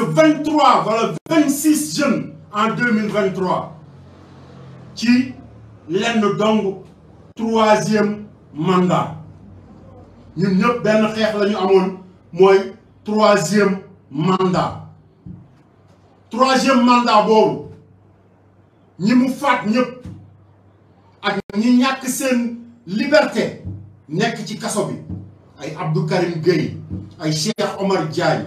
23 voilà 26 jeunes en 2023 qui le troisième mandat Nous avons troisième mandat troisième mandat nous faat liberté Nous ci Abdou Karim Gueye Cheikh Omar Diaye,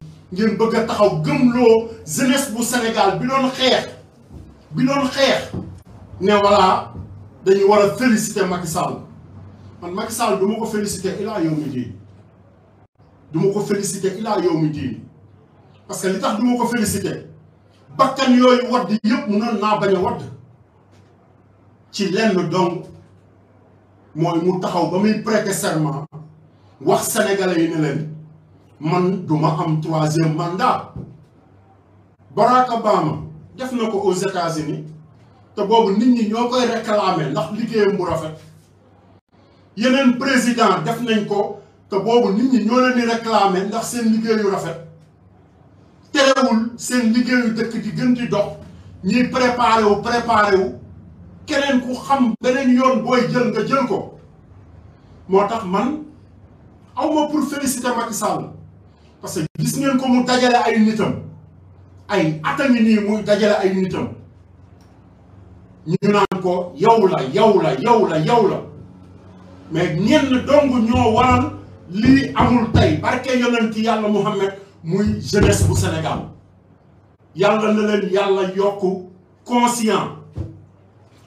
ngeen bëgg taxaw gëm lo jeunesse bu Sénégal bi doon xex bi doon xex ne wala dañu wara féliciter Macky Sall man Macky Sall duma ko féliciter ila yow mi diin du ko féliciter ila yow mi diin parce que li tax duma ko féliciter bakkan yoy wad yëpp mënoon naa bañ a wadd ci lenn donc moy mu taxaw ba muy prêter serment wax sénégalais yi ne man du ma am troisième mandat Barack Obama def na ko aux États-Unis te boobu nit ñi ñoo koy réclamer ndax liggéeyam bu rafet yeneen président def nañ ko te boobu nit ñi ñoo leen di réclamer ndax seen liggéeyu rafet terewul seen liggéeyu dëkk di gën di dox ñuy préparé wu keneen ku xam beneen yoon booy jël nga jël ko moo tax man awma pour féliciter Macky Sall parce que gis ngeen ko mu dajale ay nitam ay atami nii muy dajale ay nitam ñu naan ko yow la yow la yow la yow la mais ñenn dong ñoo waral lii amul tey barke yonent yàlla Muhammad muy jeunesse bu Sénégal yàlla na leen yàlla yokk conscient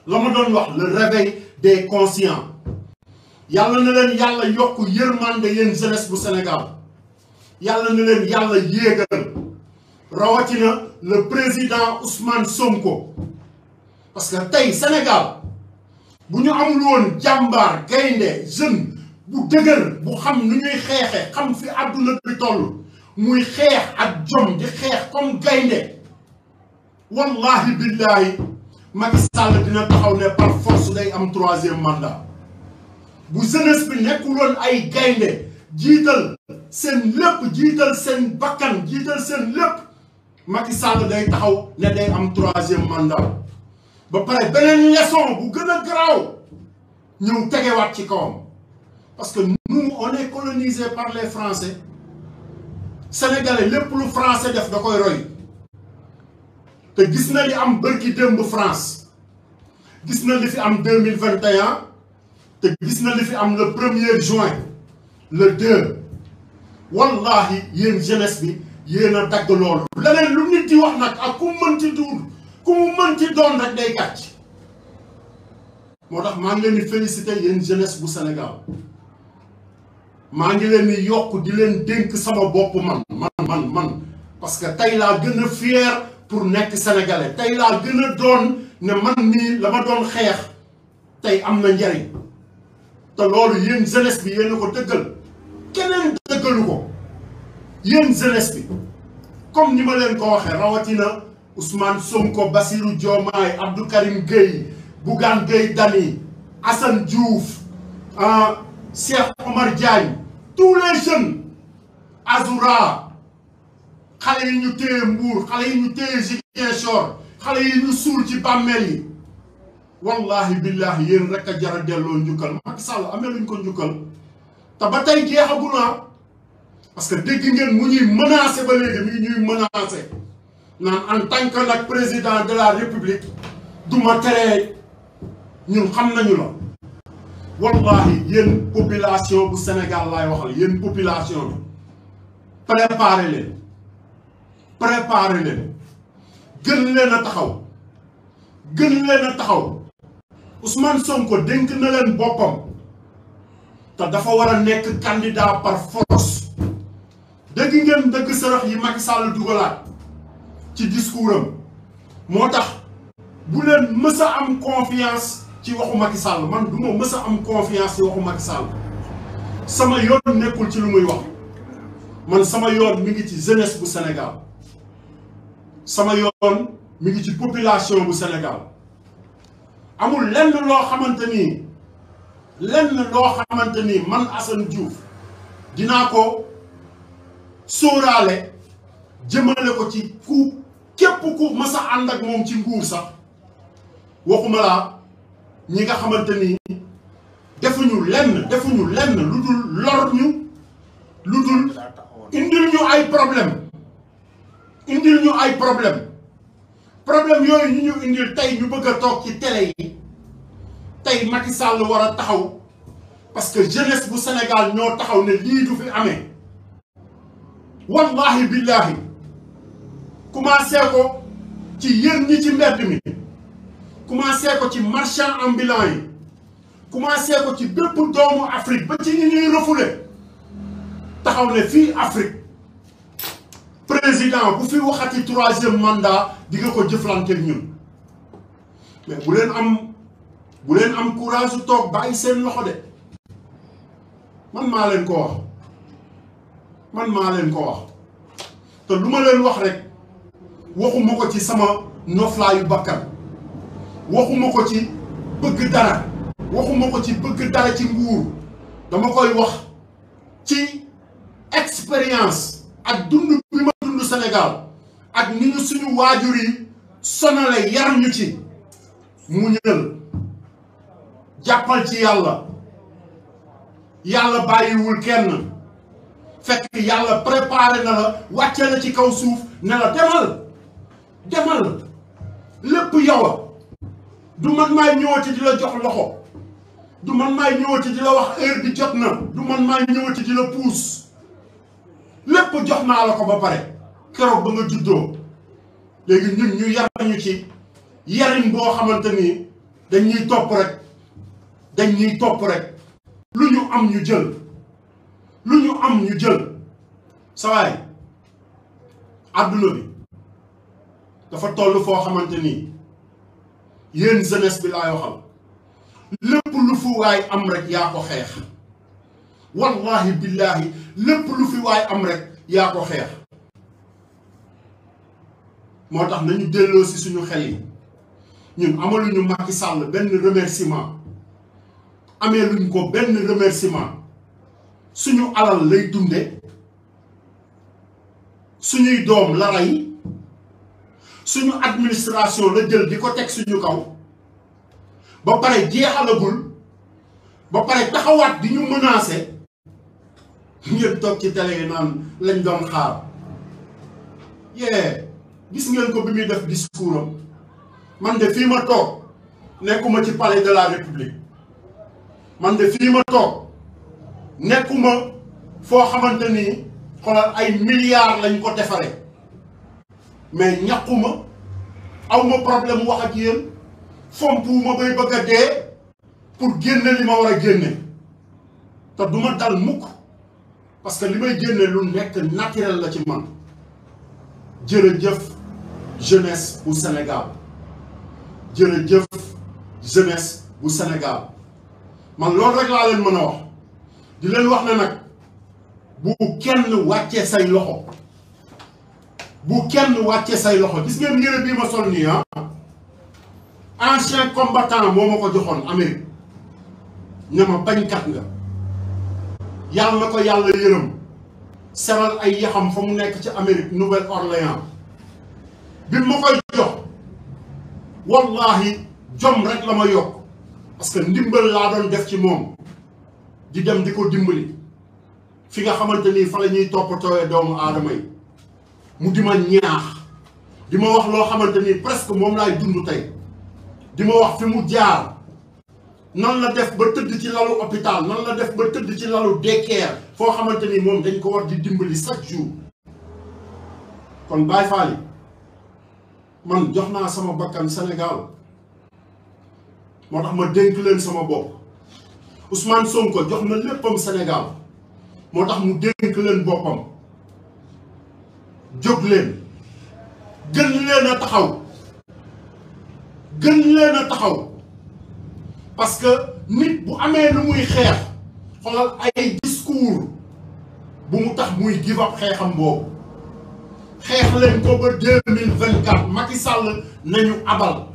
la ma doon wax le réveil des conscients yàlla na leen yàlla yokk yërmande yéen jeunesse bu Sénégal yàlla na rawatina le président Ousmane Sonko parce que Sénégal bu ñu amul woon jàmbaar gaynde jeune bu dëgër bu xam nu ñuy xeexe xam wallahi billahi Macky Sall force day am troisième mandat ay gaynde jiital sen lepp sen bakkan sen lepp Macky Sall taxaw day am troisième mandat ba leçon bu parce que nous on est colonisé par les français sénégalais les lu français def da koy roy te gis na li am demb France gis na li fi am te juin le 2. wallahi yéen jeunesse bi yéen a dagg loolu leneen lu nit di wax nag ak ku mënti duul ku mu mënti doon rek day gàcc moo tax maa ngi leen di féliciter yéen bu Sénégal maa ngi leen yokk di leen dénk sama bopp man man man parce que tey laa gën a fier pour nekk sénégalais tey laa gën a doon ne man nii la ma doon xeex tey am na njariñ te loolu yéen jeunesse bi yéen a ko dëggal kenen dëggalu ko yeen zelesti comme ni ma leen ko waxee rawatina Ousmane Sonko basirou Diomaye Abdou Karim Gueye Bougane Gueye Dani Assane Diouf ah Cheikh Omar Diagne tous les jeunes Azoura xalé yi ñu téye Mbour xalé yi ñu téye sor xalé yi ñu suul ci bammel wallahi billahi yeen rek a jar a delloo Sall luñ ko ñukal te ba tey jeexagu naa parce que dégg ngeen mu ñuy menacé ba léegi mi ñuy mën a naan en tant que la président de la république du ma teree ñun xam nañu la wallahi yéen population bu Sénégal laay waxal yéen population bi préparé leen préparé leen gën leen a taxaw gën leen a taxaw Ousmane Sonko dénk na leen boppam te dafa war a nekk candidat par force dëgg ngeen dëgg sërëx yi Macky Sall dugalaat ci discours moo tax bu leen mës a am confiance ci waxu Macky Sall man du ma mës a am confiance ci waxu Macky sama yoon nekkul ci lu muy wax man sama yoon mi ngi ci jeunesse bu Sénégal sama yoon mi ngi ci population bu Sénégal amul lenn loo xamante nii lenn loo xamante ni man Assane Diouf dinaa ko sóoraale jëmale ko ci ku képp ku mas ànd ak moom ci nguur sax waxuma laa ñi nga xamante ni defuñu lenn defuñu lenn lu dul lor ñu lu dul indil ñu ay problème indil ñu ay problème problème yooyu ñu ñu indil tey ñu bëgg a toog ci tele yi tey Macky Sall war a taxaw parce que jeunesse bu Sénégal ñoo taxaw ne lii du fi amee wallahi billahi commencé ko ci yéen ñi ci mbedd mi commencé ko ci marchand ambulant yi commencé ko ci bépp doomu Afrique ba ci ñi ñuy refoulé taxaw ne fii Afrique président bu fi waxati troisième mandat di nga ko jëflanteeg ñun mais bu leen am bu leen am courage su toog bàyyi seen loxo de man maa leen ko wax man maa leen ko wax te lu ma leen wax rek waxuma ko ci sama noflaayu bakkan waxuma ko ci bëgg dara waxuma ko ci bëgg dara ci nguur dama koy wax ci expérience ak dund bi ma dund Sénégal ak ni ñu suñu waajur yi sonale yar ñu ci mu ñël jàppal ci yàlla yàlla bàyyiwul kenn fekk yàlla préparé na la wàcce la ci kaw suuf ne la demal demal lépp yow a du man maay ñëwati di la jox loxo du man maay ñëwati di wax bi jot na du man maay ñëwati di la puus lépp jox naa la ko ba pare keroog ba nga juddoo léegi ñun ñu yar ñu ci yarin boo xamante ni dañuy topp rek dañ ñuy topp rek lu ñu am ñu jël lu ñu am ñu jël sawaay àdduna bi dafa toll foo xamante nii yéen jeunesse bi laa yoo xam lépp lu fi waay am rek yaa ko xeex wallahi billahi lépp lu fi waay am rek yaa ko xeex moo tax nañu delloo si suñu xel yi ñun amaluñu Macky Sall benn remerciement amee luñ ko benn remerciement suñu alal lay dunde suñuy doom la rey suñu administration la jël di ko teg suñu kaw ba pare jeexalagul ba pare taxawaat di ñu menacer ngeen toog ci télé naan lañ doon xaar yee gis ngeen ko bi muy def discours man de fii ma toog nekkuma ci palais de la république man de fii ma toog nekkuma foo xamante ni ay milliards lañ ko défaré mais ñàkkuma awma problème wax ak yéen fompuwuma bay bëgg dé pour génné li ma war a génne te dal mukk parce que limay génné lu nekk naturel la ci man jërëjëf jeunesse bu Sénégal jërëjëf jeunesse bu Sénégal man lool rek la leen mën wax di leen wax ne nag bu kenn wacce say loxo bu kenn wacce say loxo gis ngeen yére bi ma sol ni ah ancien combattant momako joxone ko joxoon Amérique ña ma bañkat nga yàlla nako yàlla yeureum seral ay yaxam fa mu nekk ci Amérique Nouvelle-Orléans bi mu koy jox wallahi jom rek lama ma yokk parce que ndimbal la doon def ci mom di dem diko dimbali fi nga xamanteni fa la ñuy toppatooyee doomu adamay mu dima ñaax dima wax lo xamanteni presque mom lay dund tay dima wax fi mu jaar nan la def ba teud ci lalu hôpital nan la def ba teud ci lalu dékkeer fo xamanteni mom dañ ko war di dimbali chaque jour kon bay fali man joxna sama bakkan senegal. moo tax ma dénk leen sama bopp Ousmane Sonko jox na léppam senegal moo tax mu dénk leen boppam jóg leen gën leen a taxaw gën leen a taxaw parce que nit bu amee lu muy xeex xoolal ay discours bu mu tax muy give up xeexam boobu xeex leen ko ba deux mille vingt quatre nañu abal.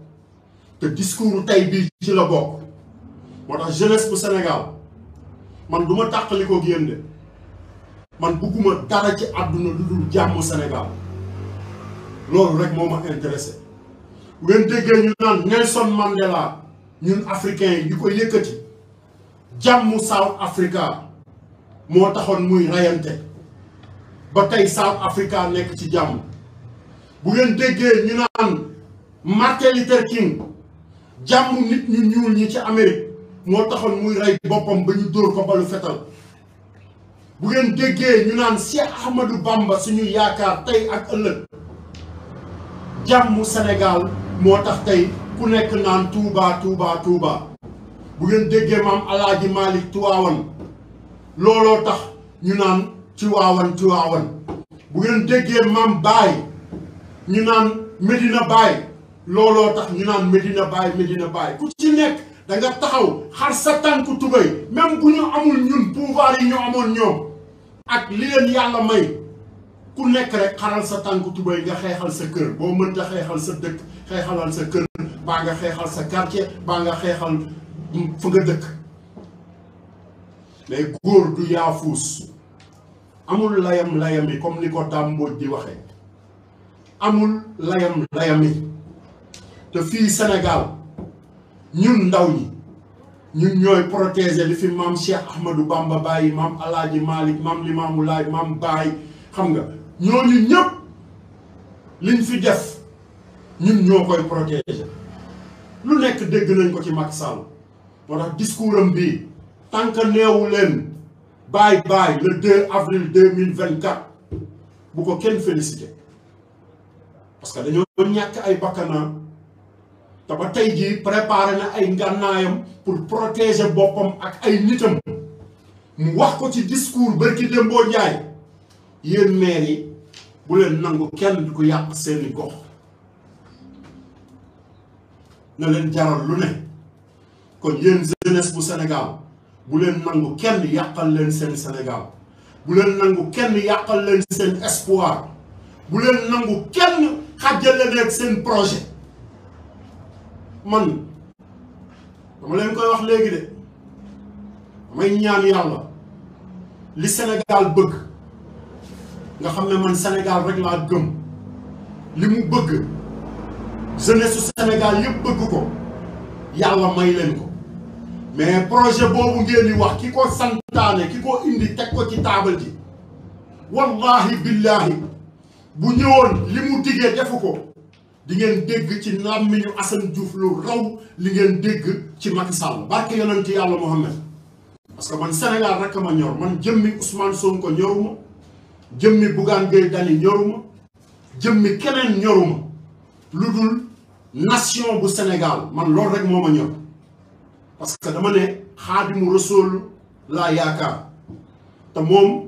te discours tey bii ci la bokk moo tax jeunesse bu Sénégal man du ma ko génn de man bugguma dara ci àdduna lu dul jàmm Sénégal loolu rek moo ma intéressé ngeen déggee ñu naan Nelson Mandela ñun africains yi ñu ko yëkkati jàmm South Africa moo taxoon muy rayante ba tey South Africa nekk ci jàmm bu ngeen déggee ñu naan Martin Luther King jàmm nit ñu ñuul ñi ci Amérique moo taxoon muy rey boppam ba ñu dóor ko balu fetal bu déggee ñu naan Cheikh Ahmadou Bamba suñu yaakaar tey ak ëllëg jàmm Sénégal moo tax tey ku nekk naan Touba Touba Touba bu ngeen déggee maam Alaaji Malick Tiwaawan looloo tax ñu naan Tiwaawan Tiwaawan bu ngeen déggee maam Baay ñu naan Medina Baay looloo tax ñu naan Medina Baye Medina Baye ku ci nekk danga taxaw xar sa tànku tubéy même bu ñu amul ñun pouvoir yi ñu amoon ñoom ak li leen yàlla may ku nekk rek xaral sa tànku tubéy nga xeexal sa kër boo mënta xeexal sa dëkk xeexalal sa kër baa nga xeexal sa quartier baa nga xeexal fu nga dëkk mais góor du yaafuus amul layam layami comme ni ko Dame Mbodj di waxee amul layam layami te fii senegal ñun ndaw ñi ñun ñooy protéger li fi maam Cheikh Ahmadou Bamba bàyyi maam El Hadj Malick maam Limamou Laye maam Baye xam nga ñooñu ñëpp liñ fi def ñun ñoo koy protéger lu nekk dégg nañ ko ci Macky Sall moo tax discours am bii tant que neewu leen bye bye le 2 avril 2024 bu ko kenn félicité parce que dañoo ñàkk ay bakkanaa te ba tey jii préparé na ay ngànnaayam pour protéger boppam ak ay nitam mu wax ko ci discours bërki démboo njaay yéen maire yi bu leen nangu kenn di ko yàq seeni gox na leen jaral lu ne kon yéen jeunesse bu Sénégal bu leen nangu kenn yàqal leen seen Sénégal bu leen nangu kenn yàqal leen seen espoir bu leen nangu kenn xàjjale leen seen projet man dama leen koy wax léegi de damay ñaan yàlla li Sénégal bëgg nga xamne man Sénégal rek la gëm limu mu bëgg jeunesse su Sénégal yëpp bëgg ko yàlla may leen ko mais projet bobu ngeen di wax kiko santane kiko indi tek ko ci table ji wallahi billahi bu ñëwoon limu diggé defuko di ngeen dégg ci làmmiñu Assane Diouf lu raw li ngeen dégg ci Macky Sall barke yonent yàlla Mohamed parce que man Sénégal rek ma ñor man jëmmi Ousmane Sonko ñoruma jëmmi Bougane Gueye Dany ñoruma jëmmi keneen ñoruma lu dul nation bu Sénégal man loolu rek moo ma ñor parce que dama ne xaadimu rasool laa yaakaar te moom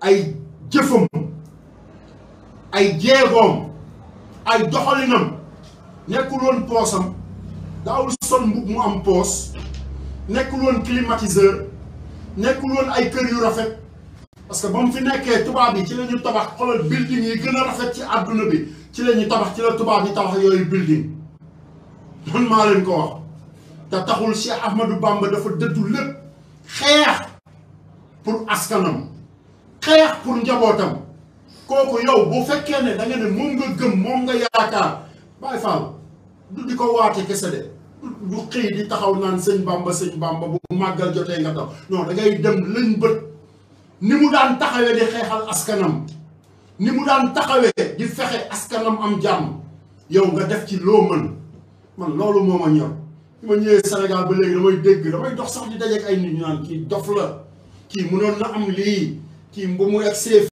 ay jëfam ay jeegoom ay doxalinam nekkul woon poosam daawul sol mbub mu am poos nekkul woon climatiseur nekkul woon ay kër yu rafet parce que ba mu fi nekkee tubaab yi ci la ñu tabax xoolal building yi gën a rafet ci àdduna bi ci la ñu tabax ci la tubaab yi tabax yooyu building man maa leen ko wax te taxul Cheikh Ahmadou Bamba dafa dëddu lépp xeex pour askanam xeex pour njabootam koko yow bu fekke ne da nga ne moom nga gem moom nga yaakaar bay Faal du diko waté waate dé du xey di taxaw nan señ Bamba señ Bamba bu magal jotee nga taw non da ngay dem lëñ beut ni mu daan taxawé di xéxal askanam ni mu daan taxawé di fexé askanam am jàmm yow nga def ci lo man man lolu moma ñor ma ñëw Sénégal ba légui damay dégg damay dox sax di ak ay nit ñu naan ki dof la ki mënon na am li ki mba ak